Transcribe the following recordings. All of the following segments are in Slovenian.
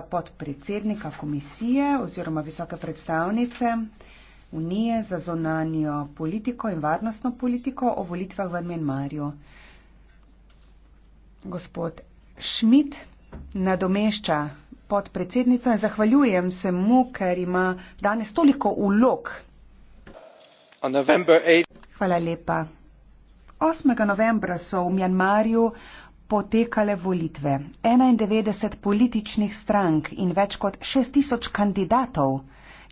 podpredsednika komisije oziroma visoke predstavnice Unije za zonanjo politiko in varnostno politiko o volitvah v Mjenmarju. Gospod Šmit nadomešča podpredsednico in zahvaljujem se mu, ker ima danes toliko ulog. Hvala lepa. 8. novembra so v Mjanmarju potekale volitve. 91 političnih strank in več kot 6000 kandidatov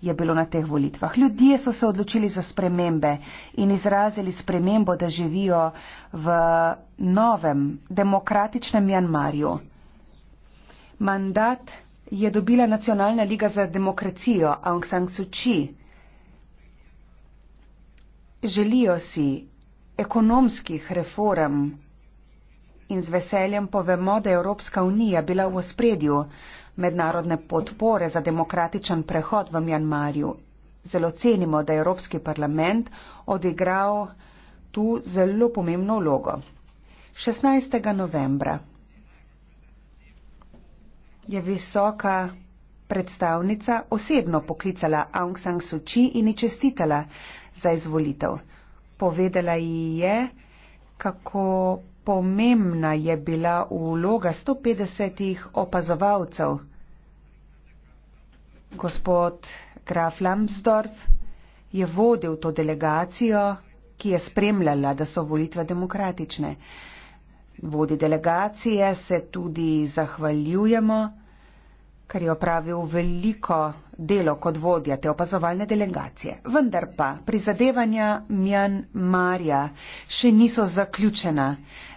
je bilo na teh volitvah. Ljudje so se odločili za spremembe in izrazili spremembo, da živijo v novem demokratičnem Mjanmarju. Mandat je dobila Nacionalna liga za demokracijo Aung San Suu Kyi. Želijo si ekonomskih reform in z veseljem povemo, da je Evropska unija bila v ospredju mednarodne podpore za demokratičen prehod v Mjanmarju. Zelo cenimo, da je Evropski parlament odigral tu zelo pomembno vlogo. 16. novembra je visoka predstavnica osebno poklicala Aung San Suu Kyi in ji čestitala za izvolitev. Povedala ji je, kako pomembna je bila vloga 150 opazovalcev. Gospod Graf Lambsdorff je vodil to delegacijo, ki je spremljala, da so volitve demokratične. Vodi delegacije se tudi zahvaljujemo ker je opravil veliko delo kot vodja te opazovalne delegacije. Vendar pa prizadevanja Mjanmarja še niso zaključena.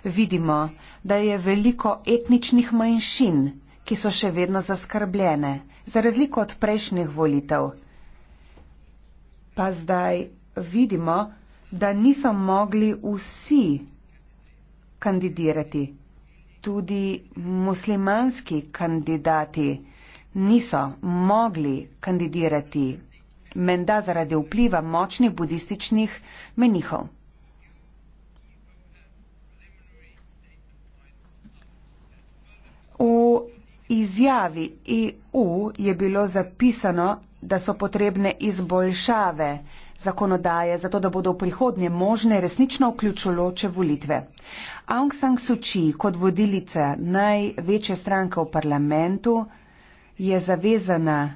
Vidimo, da je veliko etničnih manjšin, ki so še vedno zaskrbljene, za razliko od prejšnjih volitev. Pa zdaj vidimo, da niso mogli vsi kandidirati, tudi muslimanski kandidati niso mogli kandidirati, menda zaradi vpliva močnih budističnih menihov. V izjavi EU je bilo zapisano, da so potrebne izboljšave zakonodaje, zato da bodo v prihodnje možne resnično vključujoče volitve. Aung San Suu Kyi kot vodilica največje stranke v parlamentu je zavezana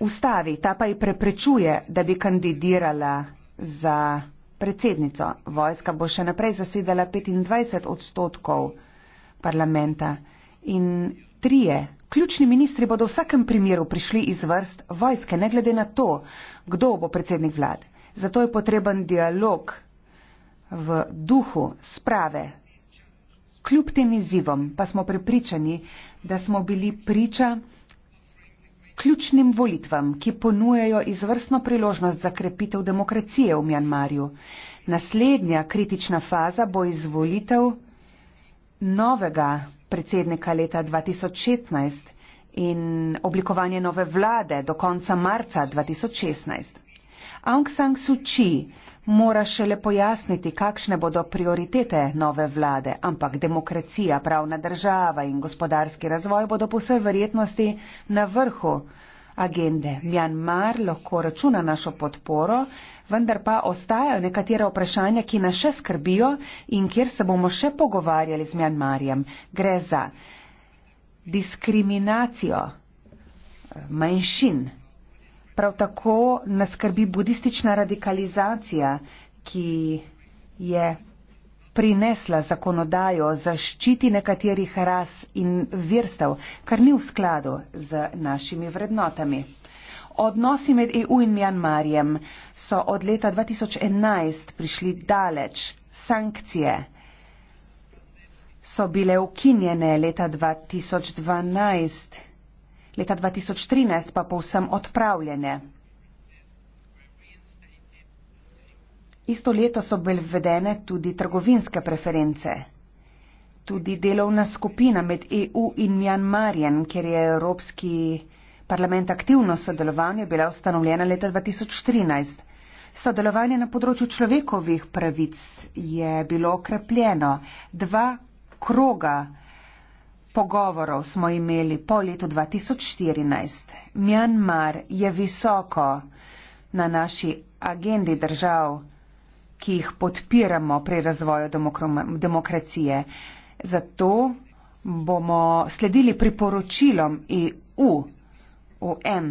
ustavi, ta pa ji preprečuje, da bi kandidirala za predsednico. Vojska bo še naprej zasedala 25 odstotkov parlamenta in trije ključni ministri bodo v vsakem primeru prišli iz vrst vojske, ne glede na to, kdo bo predsednik vlad. Zato je potreben dialog v duhu sprave Kljub tem izzivom pa smo prepričani, da smo bili priča ključnim volitvam, ki ponujajo izvrstno priložnost za krepitev demokracije v Mjanmarju. Naslednja kritična faza bo izvolitev novega predsednika leta 2016 in oblikovanje nove vlade do konca marca 2016. Aung San Suu Kyi, mora šele pojasniti, kakšne bodo prioritete nove vlade, ampak demokracija, pravna država in gospodarski razvoj bodo po vsej verjetnosti na vrhu agende. Mjanmar lahko računa našo podporo, vendar pa ostajajo nekatera vprašanja, ki nas še skrbijo in kjer se bomo še pogovarjali z Mjanmarjem. Gre za diskriminacijo eh, manjšin. Prav tako nas skrbi budistična radikalizacija, ki je prinesla zakonodajo zaščiti nekaterih ras in virstev, kar ni v skladu z našimi vrednotami. Odnosi med EU in Mjanmarjem so od leta 2011 prišli daleč. Sankcije so bile ukinjene leta 2012 leta 2013 pa povsem odpravljene. Isto leto so bile vedene tudi trgovinske preference. Tudi delovna skupina med EU in Mjanmarjem, kjer je Evropski parlament aktivno sodeloval, je bila ustanovljena leta 2013. Sodelovanje na področju človekovih pravic je bilo okrepljeno. Dva kroga pogovorov smo imeli po letu 2014. Mjanmar je visoko na naši agendi držav, ki jih podpiramo pri razvoju demokracije. Zato bomo sledili priporočilom EU, UN.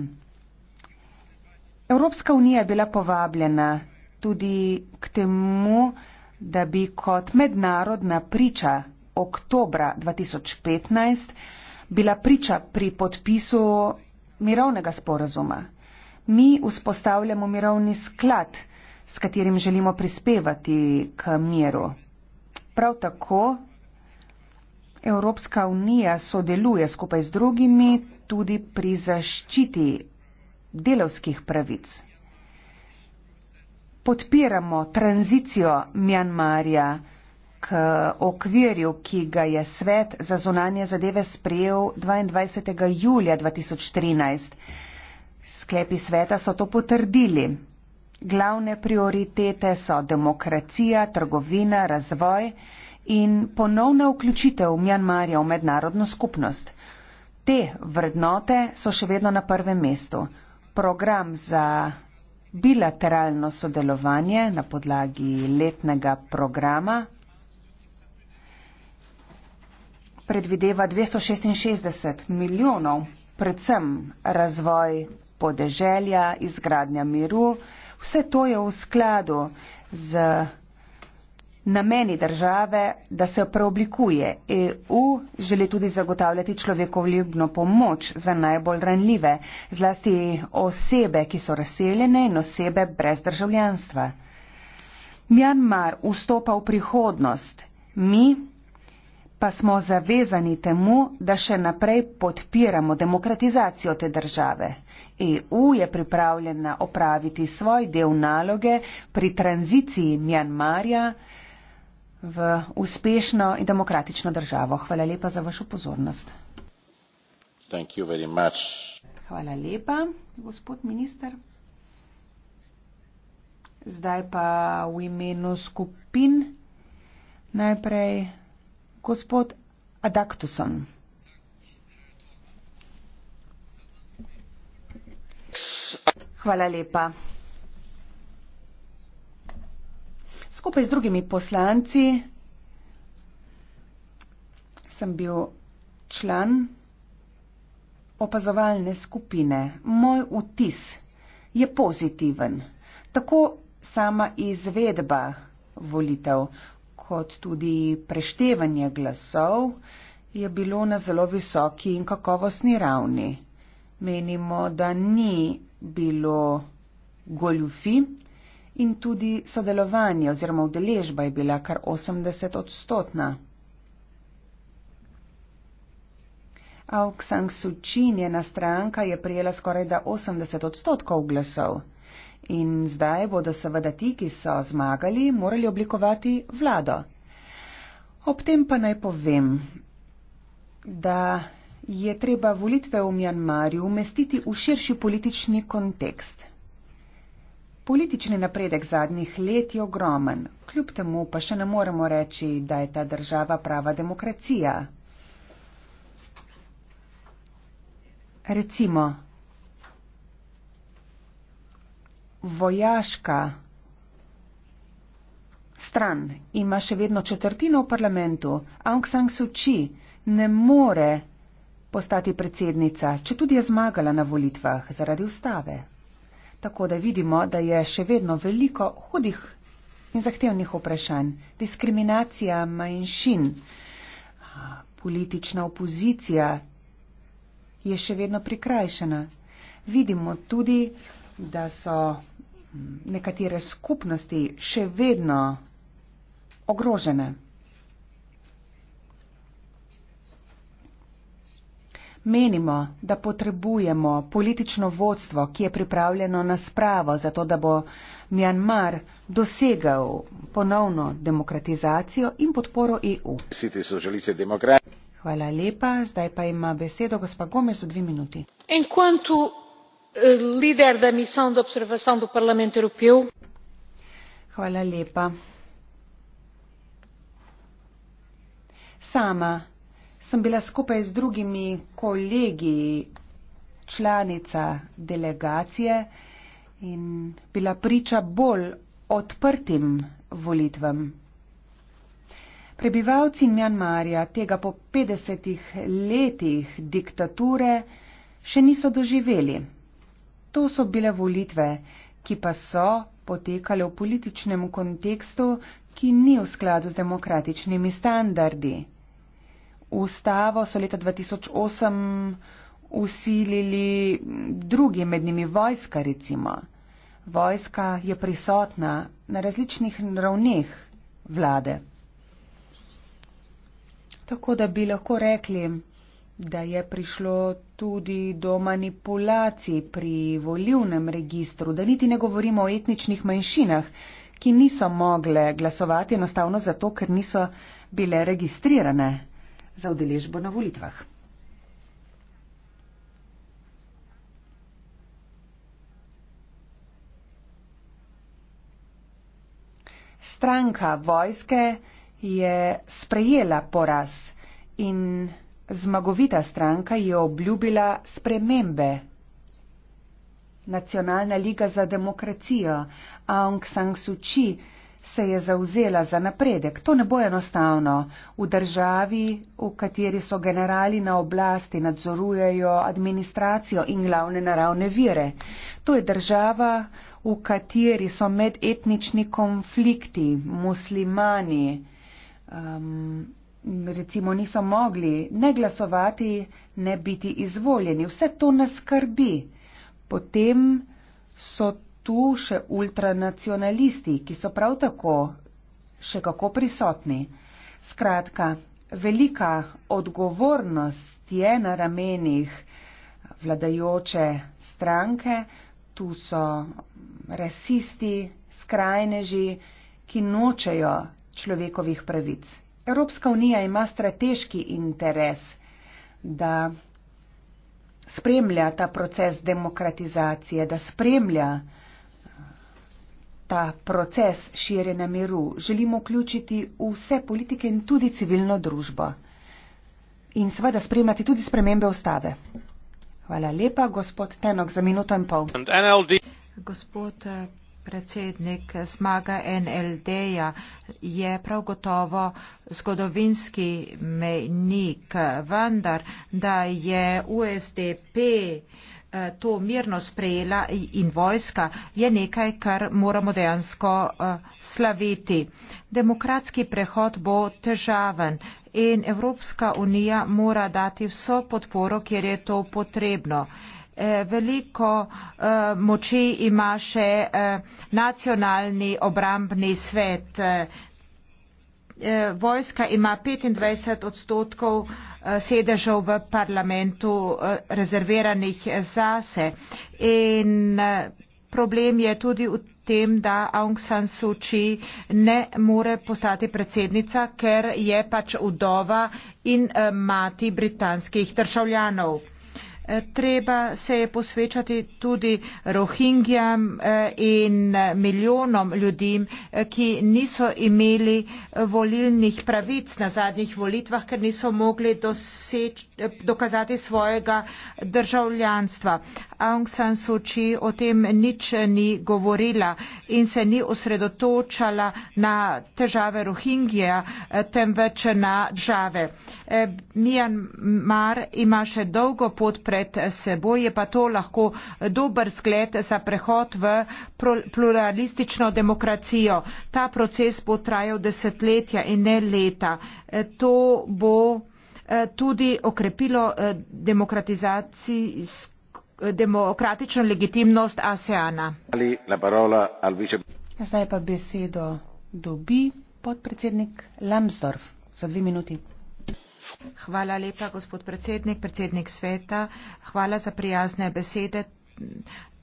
Evropska unija je bila povabljena tudi k temu, da bi kot mednarodna priča oktobra 2015 bila priča pri podpisu mirovnega sporazuma. Mi vzpostavljamo mirovni sklad, s katerim želimo prispevati k miru. Prav tako Evropska unija sodeluje skupaj z drugimi tudi pri zaščiti delovskih pravic. Podpiramo tranzicijo Mjanmarja. Eh, okvirju, ki ga je svet za zunanje zadeve sprejel 22. julija 2013. Sklepi sveta so to potrdili. Glavne prioritete so demokracija, trgovina, razvoj in ponovna vključitev Mjanmarja v mednarodno skupnost. Te vrednote so še vedno na prvem mestu. Program za bilateralno sodelovanje na podlagi letnega programa predvideva 266 milijonov, predvsem razvoj podeželja, izgradnja miru. Vse to je v skladu z nameni države, da se preoblikuje. EU želi tudi zagotavljati človekoljubno pomoč za najbolj ranljive, zlasti osebe, ki so razseljene in osebe brez državljanstva. Mjanmar vstopa v prihodnost. Mi pa smo zavezani temu, da še naprej podpiramo demokratizacijo te države. EU je pripravljena opraviti svoj del naloge pri tranziciji Mjanmarja v uspešno in demokratično državo. Hvala lepa za vašo pozornost. Hvala lepa, gospod minister. Zdaj pa v imenu skupin najprej gospod Adaktuson. Hvala lepa. Skupaj z drugimi poslanci sem bil član opazovalne skupine. Moj vtis je pozitiven. Tako sama izvedba volitev kot tudi preštevanje glasov je bilo na zelo visoki in kakovostni ravni. Menimo, da ni bilo goljufi in tudi sodelovanje oziroma udeležba je bila kar 80 odstotna. Aung San Suu Kyi, njena stranka, je prijela skoraj da 80 odstotkov glasov. In zdaj bodo seveda ti, ki so zmagali, morali oblikovati vlado. Ob tem pa naj povem, da je treba volitve v Mjanmarju umestiti v širši politični kontekst. Politični napredek zadnjih let je ogromen, kljub temu pa še ne moremo reči, da je ta država prava demokracija. Recimo, vojaška stran ima še vedno četrtino v parlamentu. Aung San Suu Kyi ne more postati predsednica, če tudi je zmagala na volitvah zaradi ustave. Tako da vidimo, da je še vedno veliko hudih in zahtevnih vprašanj. Diskriminacija manjšin, politična opozicija je še vedno prikrajšana. Vidimo tudi, da so mm, nekatere skupnosti še vedno ogrožene. Menimo, da potrebujemo politično vodstvo, ki je pripravljeno na spravo, zato da bo Mjanmar dosegal ponovno demokratizacijo in podporo EU. Hvala lepa. Zdaj pa ima besedo gospa Gomez v dve minuti lider da missão de observação do parlamento europeu sama sem bila skupaj z drugimi kolegi članica delegacije in bila priča bolj odprtim volitvam. Prebivalci Mjanmarja tega po 50 letih diktature še niso doživeli. To so bile volitve, ki pa so potekale v političnem kontekstu, ki ni v skladu z demokratičnimi standardi. Ustavo so leta 2008 usilili drugi med njimi vojska, recimo. Vojska je prisotna na različnih ravneh vlade. Tako da bi lahko rekli, da je prišlo tudi do manipulacij pri volivnem registru, da niti ne govorimo o etničnih manjšinah, ki niso mogle glasovati enostavno zato, ker niso bile registrirane za udeležbo na volitvah. Stranka vojske je sprejela poraz in zmagovita stranka je obljubila spremembe. Nacionalna liga za demokracijo Aung San Suu Kyi se je zauzela za napredek. To ne bo enostavno. V državi, v kateri so generali na oblasti, nadzorujejo administracijo in glavne naravne vire. To je država, v kateri so medetnični konflikti, muslimani. Um, recimo niso mogli ne glasovati, ne biti izvoljeni. Vse to nas skrbi. Potem so tu še ultranacionalisti, ki so prav tako še kako prisotni. Skratka, velika odgovornost je na ramenih vladajoče stranke, tu so rasisti, skrajneži, ki nočejo človekovih pravic. Evropska unija ima strateški interes, da spremlja ta proces demokratizacije, da spremlja ta proces širjenja miru. Želimo vključiti vse politike in tudi civilno družbo. In seveda spremljati tudi spremembe ustave. Hvala lepa, gospod Tenok, za minuto in pol. Gospod eh, Predsednik Smaga NLD-ja je prav gotovo zgodovinski mejnik, vendar da je USDP eh, to mirno sprejela in vojska je nekaj, kar moramo dejansko eh, slaviti. Demokratski prehod bo težaven in Evropska unija mora dati vso podporo, kjer je to potrebno. Eh, veliko eh, moči ima še eh, nacionalni obrambni svet. Vojska ima 25 odstotkov sedežev v parlamentu rezerviranih zase in problem je tudi v tem, da Aung San Suu Kyi ne more postati predsednica, ker je pač udova in mati britanskih državljanov treba se je posvečati tudi rohingjam eh, in eh, milijonom ljudi, eh, ki niso imeli volilnih pravic na zadnjih volitvah, ker niso mogli doseč, dokazati svojega državljanstva. Aung San Suu Kyi o tem nič ni govorila in se ni osredotočala na težave rohingja, temveč na države. Eh, Mijanmar ima še dolgo pot pred seboj, je pa to lahko dober zgled za prehod v pluralistično demokracijo. Ta proces bo trajal desetletja in ne leta. Eh, to bo eh, tudi okrepilo demokratično legitimnost ASEAN-a. Ja, zdaj pa besedo dobi podpredsednik Lambsdorff za dve minuti. Hvala lepa, gospod predsednik, predsednik sveta. Hvala za prijazne besede.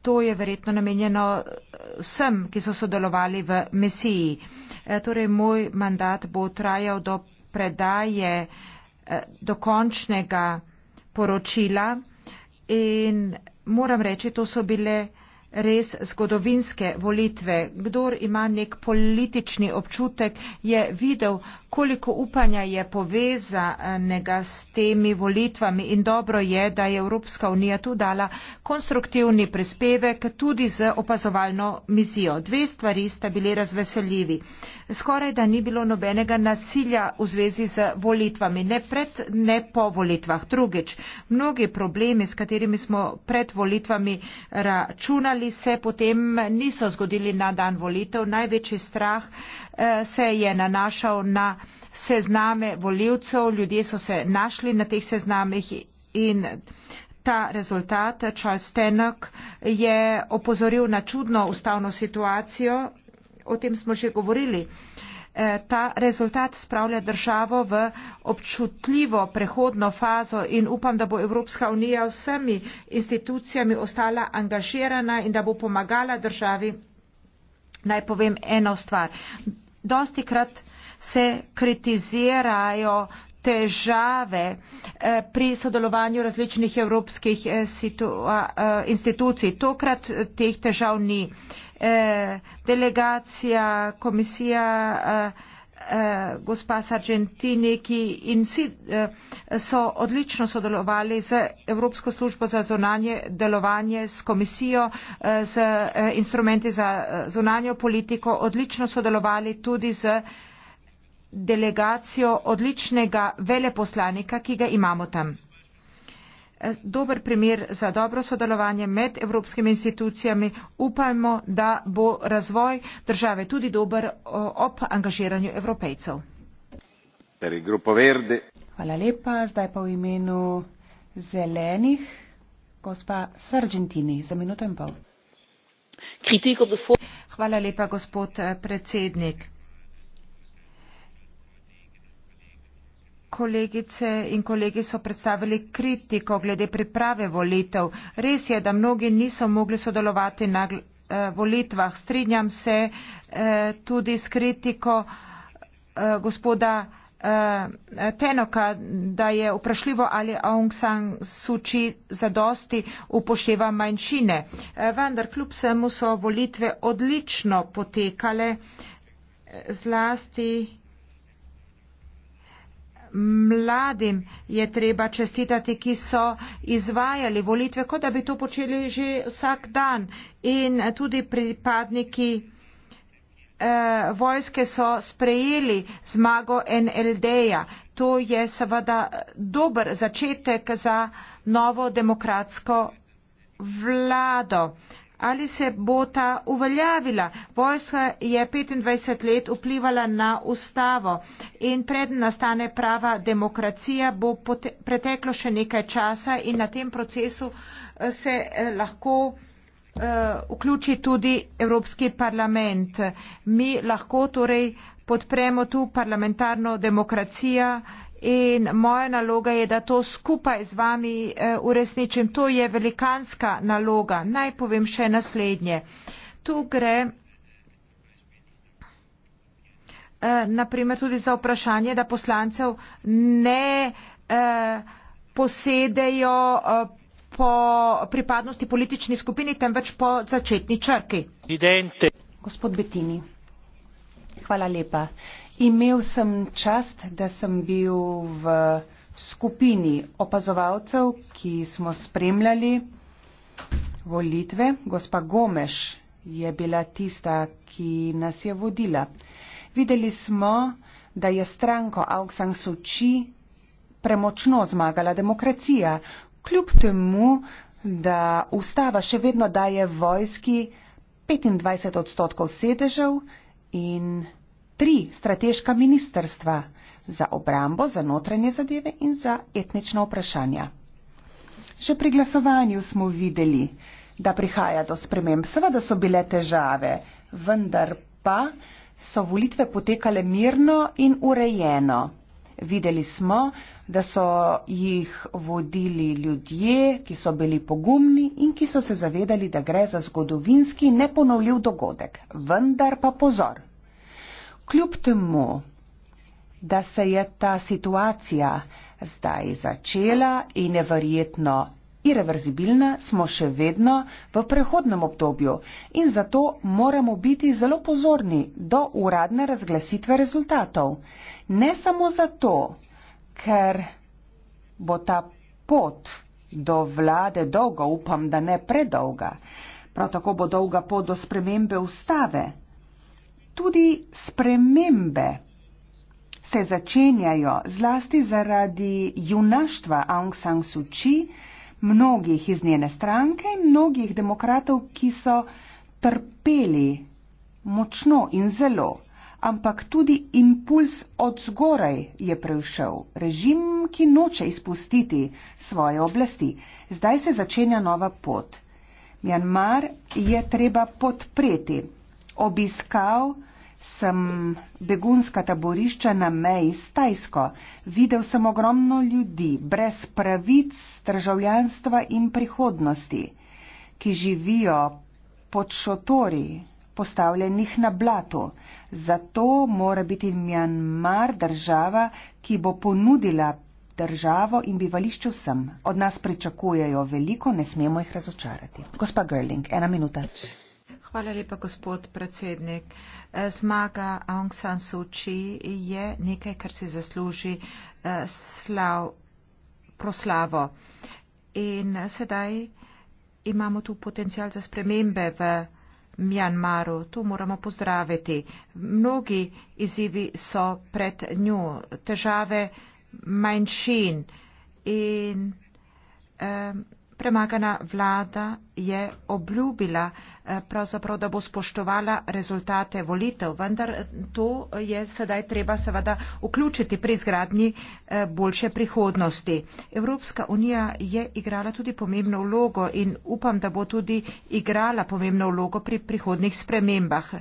To je verjetno namenjeno eh, vsem, ki so sodelovali v misiji. Eh, torej, moj mandat bo trajal do predaje eh, dokončnega poročila in moram reči, to so bile res zgodovinske volitve. Kdor ima nek politični občutek, je videl, koliko upanja je povezanega s temi volitvami in dobro je, da je Evropska unija tu dala konstruktivni prispevek tudi z opazovalno mizijo. Dve stvari sta bili razveseljivi. Skoraj da ni bilo nobenega nasilja v zvezi z volitvami, ne pred, ne po volitvah. Drugič, mnogi problemi, s katerimi smo pred volitvami računali, se potem niso zgodili na dan volitev. Največji strah uh, Eh, se je nanašal na sezname voljivcev, ljudje so se našli na teh seznamih in ta rezultat, Charles Stenok, je opozoril na čudno ustavno situacijo, o tem smo že govorili. Eh, ta rezultat spravlja državo v občutljivo prehodno fazo in upam, da bo Evropska unija vsemi institucijami ostala angažirana in da bo pomagala državi. Naj povem eno stvar dosti krat se kritizirajo težave eh, pri sodelovanju različnih evropskih eh, eh, institucij. Tokrat teh težav ni. Delegacija, komisija eh, gospa Sargentini, ki in vsi eh, so odlično sodelovali z Evropsko službo za zonanje delovanje, s komisijo, eh, z eh, instrumenti za eh, zonanjo politiko, odlično sodelovali tudi z delegacijo odličnega veleposlanika, ki ga imamo tam dober primer za dobro sodelovanje med evropskimi institucijami. Upajmo, da bo razvoj države tudi dober ob angažiranju evropejcev. Hvala lepa. Zdaj pa v imenu zelenih. Gospa Sargentini, za minuto in pol. Hvala lepa, gospod eh, predsednik. kolegice in kolegi so predstavili kritiko glede priprave volitev. Res je, da mnogi niso mogli sodelovati na eh, volitvah. Strinjam se eh, tudi s kritiko eh, gospoda eh, Tenoka, da je vprašljivo, ali Aung San Suu Kyi zadosti upošteva manjšine. Eh, vendar kljub vsemu so volitve odlično potekale eh, zlasti mladim je treba čestitati, ki so izvajali volitve, kot da bi to počeli že vsak dan. In tudi pripadniki eh, vojske so sprejeli zmago NLD-ja. To je seveda dober začetek za novo demokratsko vlado. Eh, ali se bo ta uveljavila. Vojska je 25 let vplivala na ustavo in pred nastane prava demokracija bo preteklo še nekaj časa in na tem procesu eh, se eh, lahko eh, vključi tudi Evropski parlament. Mi lahko torej podpremo tu parlamentarno demokracijo in moja naloga je, da to skupaj z vami eh, uresničim. To je velikanska naloga. Naj povem še naslednje. Tu gre eh, naprimer tudi za vprašanje, da poslancev ne eh, posedejo po pripadnosti politični skupini, temveč po začetni črki. Gospod Betini, hvala lepa. Imel sem čast, da sem bil v skupini opazovalcev, ki smo spremljali volitve. Gospa Gomeš je bila tista, ki nas je vodila. Videli smo, da je stranko Aung San Suu Kyi premočno zmagala demokracija, kljub temu, da ustava še vedno daje vojski 25 odstotkov sedežev in tri strateška ministrstva za obrambo, za notranje zadeve in za etnična vprašanja. Še pri glasovanju smo videli, da prihaja do sprememb, seveda so bile težave, vendar pa so volitve potekale mirno in urejeno. Videli smo, da so jih vodili ljudje, ki so bili pogumni in ki so se zavedali, da gre za zgodovinski neponovljiv dogodek. Vendar pa pozor, Kljub temu, da se je ta situacija zdaj začela in je verjetno irreverzibilna, smo še vedno v prehodnem obdobju in zato moramo biti zelo pozorni do uradne razglasitve rezultatov. Ne samo zato, ker bo ta pot do vlade dolga, upam, da ne predolga. Prav tako bo dolga pot do spremembe ustave, Tudi spremembe se začenjajo zlasti zaradi junaštva Aung San Suu Kyi, mnogih iz njene stranke in mnogih demokratov, ki so trpeli močno in zelo, ampak tudi impuls od zgoraj je prevšel režim, ki noče izpustiti svoje oblasti. Zdaj se začenja nova pot. Mjanmar je treba podpreti obiskal sem begunska taborišča na meji s Tajsko. Videl sem ogromno ljudi brez pravic, državljanstva in prihodnosti, ki živijo pod šotori, postavljenih na blatu. Zato mora biti Mjanmar država, ki bo ponudila državo in bivališče vsem. Od nas pričakujejo veliko, ne smemo jih razočarati. Gospa Gerling, ena minuta. Če. Hvala lepa, gospod predsednik. Eh, zmaga Aung San Suu Kyi je nekaj, kar si zasluži eh, slav, proslavo. In eh, sedaj imamo tu potencial za spremembe v Mjanmaru. Tu moramo pozdraviti. Mnogi izzivi so pred njo, težave manjšin. In, um, premagana vlada je obljubila eh, pravzaprav, da bo spoštovala rezultate volitev, vendar to je sedaj treba seveda vključiti pri izgradnji eh, boljše prihodnosti. Evropska unija je igrala tudi pomembno vlogo in upam, da bo tudi igrala pomembno vlogo pri prihodnih spremembah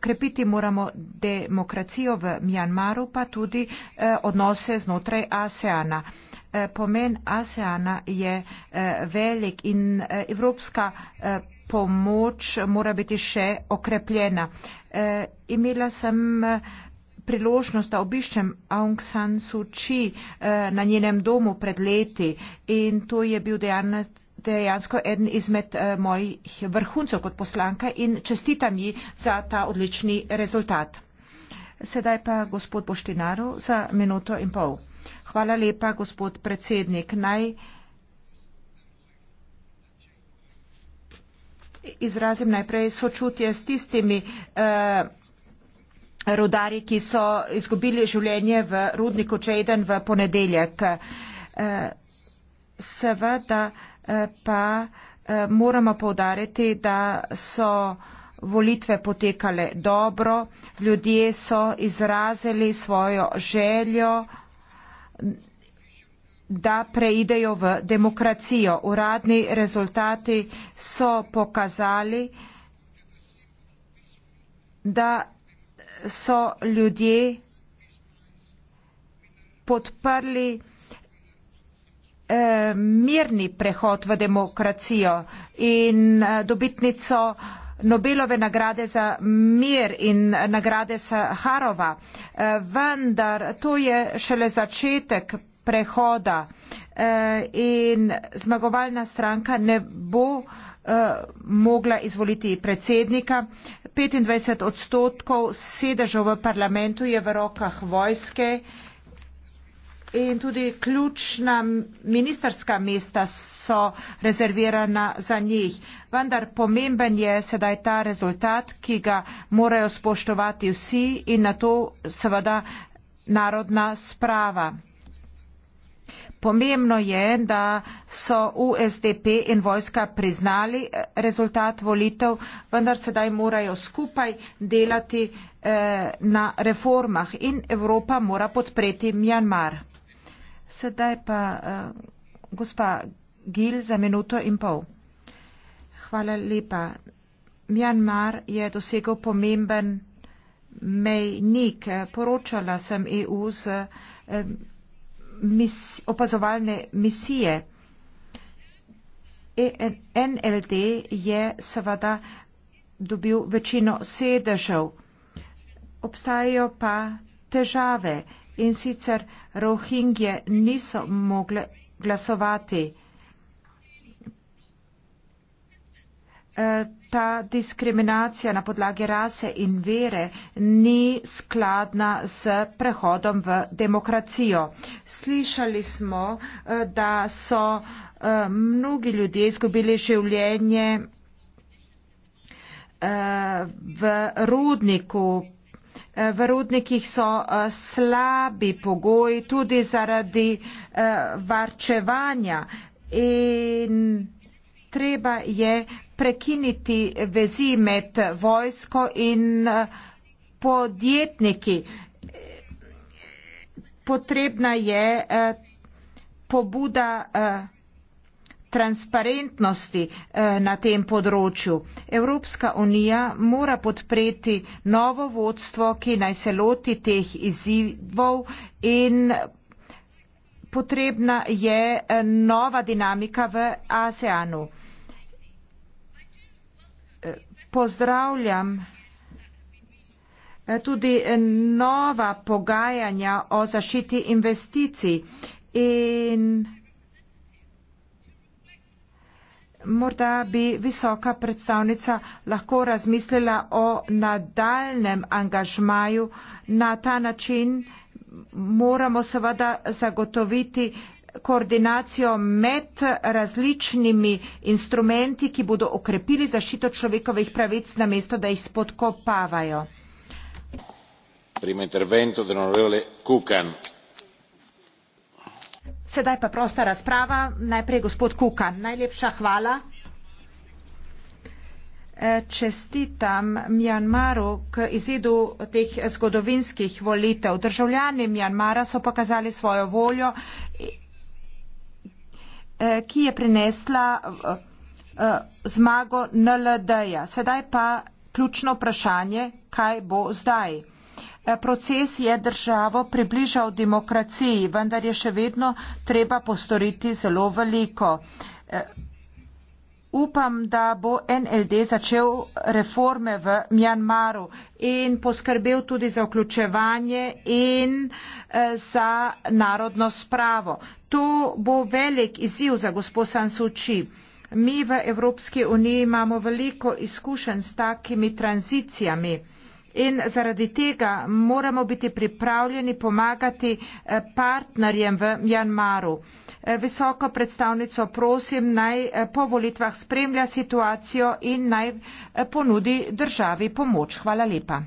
krepiti moramo demokracijo v Mjanmaru, pa tudi eh, odnose znotraj ASEAN-a. Eh, pomen ASEAN-a je eh, velik in evropska pomoč mora biti še okrepljena. Imela sem priložnost, da obiščem Aung San Suu Kyi eh, na njenem domu pred leti in to je bil dejansko eden izmed eh, mojih vrhuncev kot poslanka in čestitam ji za ta odlični rezultat. Sedaj pa gospod Boštinaru za minuto in pol. Hvala lepa, gospod predsednik. Naj izrazim najprej sočutje s tistimi uh, rudarji ki so izgubili življenje v rudniku Čeden v ponedeljek. Eh, seveda eh, pa eh, moramo povdariti, da so volitve potekale dobro, ljudje so izrazili svojo željo, da preidejo v demokracijo. Uradni rezultati so pokazali, da so ljudje podprli eh, mirni prehod v demokracijo in eh, dobitnico Nobelove nagrade za mir in eh, nagrade Saharova. Vendar to je šele začetek prehoda e, in zmagovalna stranka ne bo e, mogla izvoliti predsednika. 25 odstotkov sedežev v parlamentu je v rokah vojske in tudi ključna ministerska mesta so rezervirana za njih. Vendar pomemben je sedaj ta rezultat, ki ga morajo spoštovati vsi in na to seveda narodna sprava. Pomembno je, da so USDP in vojska priznali eh, rezultat volitev, vendar sedaj morajo skupaj delati eh, na reformah in Evropa mora podpreti Mjanmar. Sedaj pa eh, gospa Gil za minuto in pol. Hvala lepa. Mjanmar je dosegel pomemben mejnik. Poročala sem EU z. Eh, mis, opazovalne misije. E-, NLD je seveda dobil večino sedežev. Obstajajo pa težave in sicer Rohingje niso mogle glasovati. Eh, ta diskriminacija na podlagi rase in vere ni skladna s prehodom v demokracijo. Slišali smo, eh, da so eh, mnogi ljudje izgubili življenje v rudniku. V rudnikih so slabi pogoji tudi zaradi varčevanja in treba je prekiniti vezi med vojsko in eh, podjetniki. Potrebna je eh, pobuda eh, transparentnosti na tem področju. Evropska unija mora podpreti novo vodstvo, ki naj se loti teh izzivov in potrebna je nova dinamika v ASEANu pozdravljam eh, tudi eh, nova pogajanja o zašiti investicij in morda bi visoka predstavnica lahko razmislila o nadaljnem angažmaju. Na ta način moramo seveda zagotoviti koordinacijo med različnimi instrumenti, ki bodo okrepili zaščito človekovih pravic, namesto da jih spodkopavajo. Sedaj pa prosta razprava. Najprej gospod Kukan. Najlepša hvala. E, čestitam Mjanmaru k izidu teh zgodovinskih volitev. Državljani Mjanmara so pokazali svojo voljo Eh, ki je prinesla eh, eh, zmago NLD-ja. Sedaj pa ključno vprašanje, kaj bo zdaj. Proces je državo približal demokraciji, vendar je še vedno treba postoriti zelo veliko. Upam, da bo NLD začel reforme v Mjanmaru in poskrbel tudi za vključevanje in eh, za narodno spravo. To bo velik izziv za gospod Sansuči. Mi v Evropski uniji imamo veliko izkušenj s takimi tranzicijami. In zaradi tega moramo biti pripravljeni pomagati eh, partnerjem v Mjanmaru. Eh, visoko predstavnico prosim naj eh, po volitvah spremlja situacijo in naj ponudi državi pomoč. Hvala lepa.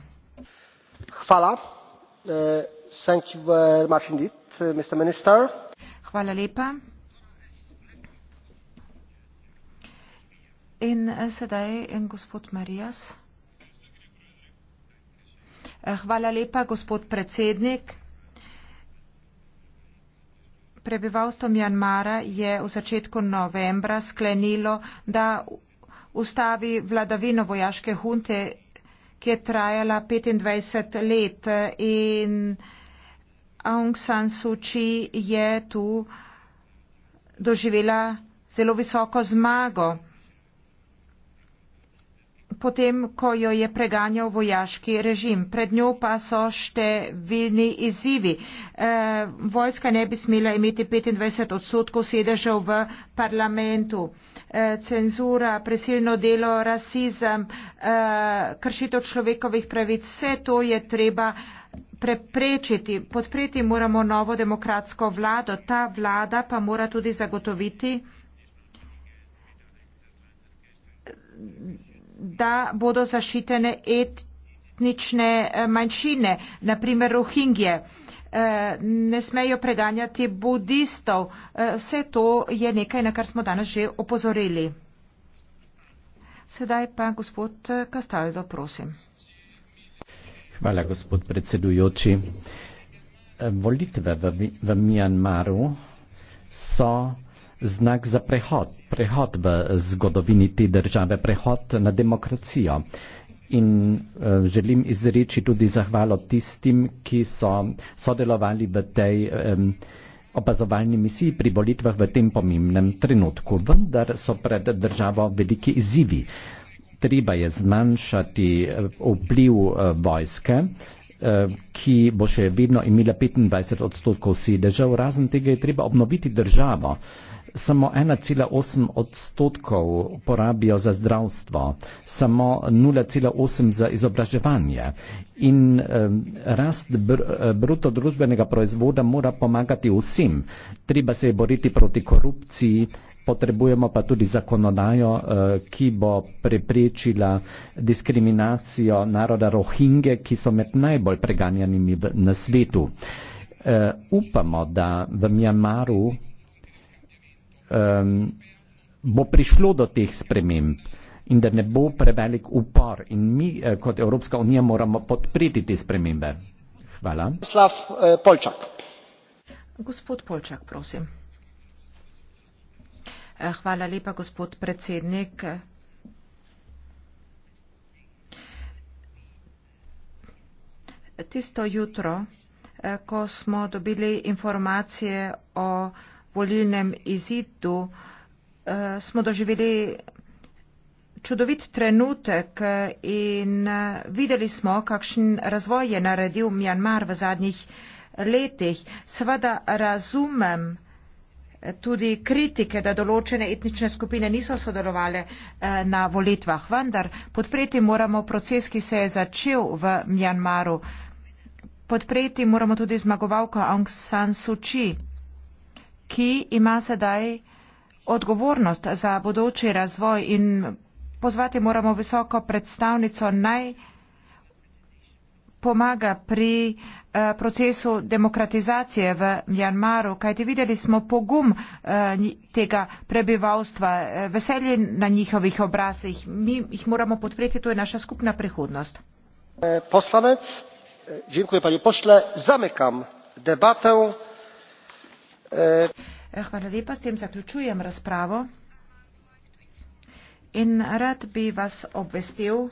Hvala. Thank you very much indeed, Mr. Minister. Hvala lepa. In sedaj in gospod Marijas. Hvala lepa, gospod predsednik. Prebivalstvo Mjanmara je v začetku novembra sklenilo, da ustavi vladavino vojaške hunte, ki je trajala 25 let in Aung San Suu Kyi je tu doživela zelo visoko zmago potem ko jo je preganjal vojaški režim. Pred njo pa so številni izzivi. E, vojska ne bi smela imeti 25 odstotkov sedežev v parlamentu. E, cenzura, presilno delo, rasizem, e, kršitev človekovih pravic, vse to je treba preprečiti. Podpreti moramo novo demokratsko vlado. Ta vlada pa mora tudi zagotoviti da bodo zaščitene etnične eh, manjšine, naprimer Rohingje. Eh, ne smejo preganjati budistov. Eh, vse to je nekaj, na kar smo danes že opozorili. Sedaj pa gospod Kastaldo, prosim. Hvala, gospod predsedujoči. Volitve v, v Mjanmaru so znak za prehod, prehod v zgodovini te države, prehod na demokracijo. In eh, želim izreči tudi zahvalo tistim, ki so sodelovali v tej opazovalni misiji pri volitvah v tem pomembnem trenutku. Vendar so pred državo veliki izzivi. Treba je zmanjšati eh, vpliv eh, vojske, ki bo še vedno imela 25 odstotkov sedežev. Razen tega je treba obnoviti državo samo 1,8 odstotkov porabijo za zdravstvo, samo 0,8 za izobraževanje. In eh, rast br e, bruto družbenega proizvoda mora pomagati vsem. Treba se je boriti proti korupciji, potrebujemo pa tudi zakonodajo, eh, ki bo preprečila diskriminacijo naroda Rohinge, ki so med najbolj preganjanimi v, na svetu. Uh, upamo, da v Mjanmaru um, bo prišlo do teh sprememb in da ne bo prevelik upor in mi eh, kot Evropska unija moramo podpreti te spremembe. Hvala. Slav, eh, Polčak. Gospod Polčak, prosim. Eh, hvala lepa, gospod predsednik. Tisto jutro, eh, ko smo dobili informacije o volilnem izidu, eh, smo doživeli čudovit trenutek eh, in eh, videli smo, kakšen razvoj je naredil Mjanmar v zadnjih letih. Seveda razumem tudi kritike, da določene etnične skupine niso sodelovale na volitvah, vendar podpreti moramo proces, ki se je začel v Mjanmaru. Podpreti moramo tudi zmagovalko Aung San Suu Kyi ki ima sedaj odgovornost za bodoči razvoj in pozvati moramo visoko predstavnico naj pomaga pri eh, procesu demokratizacije v Mjanmaru, kajti videli smo pogum eh, tega prebivalstva, eh, veselje na njihovih obrazih. Mi jih moramo podpreti, to je naša skupna prihodnost. Poslanec, pošle, zamekam debato. Eh, hvala lepa, s tem zaključujem razpravo. In rad bi vas obvestil,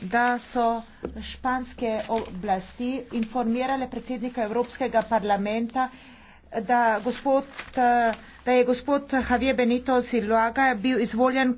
da so španske oblasti informirale predsednika Evropskega parlamenta, da, gospod, eh, da je gospod Javier Benito Siluaga bil izvoljen.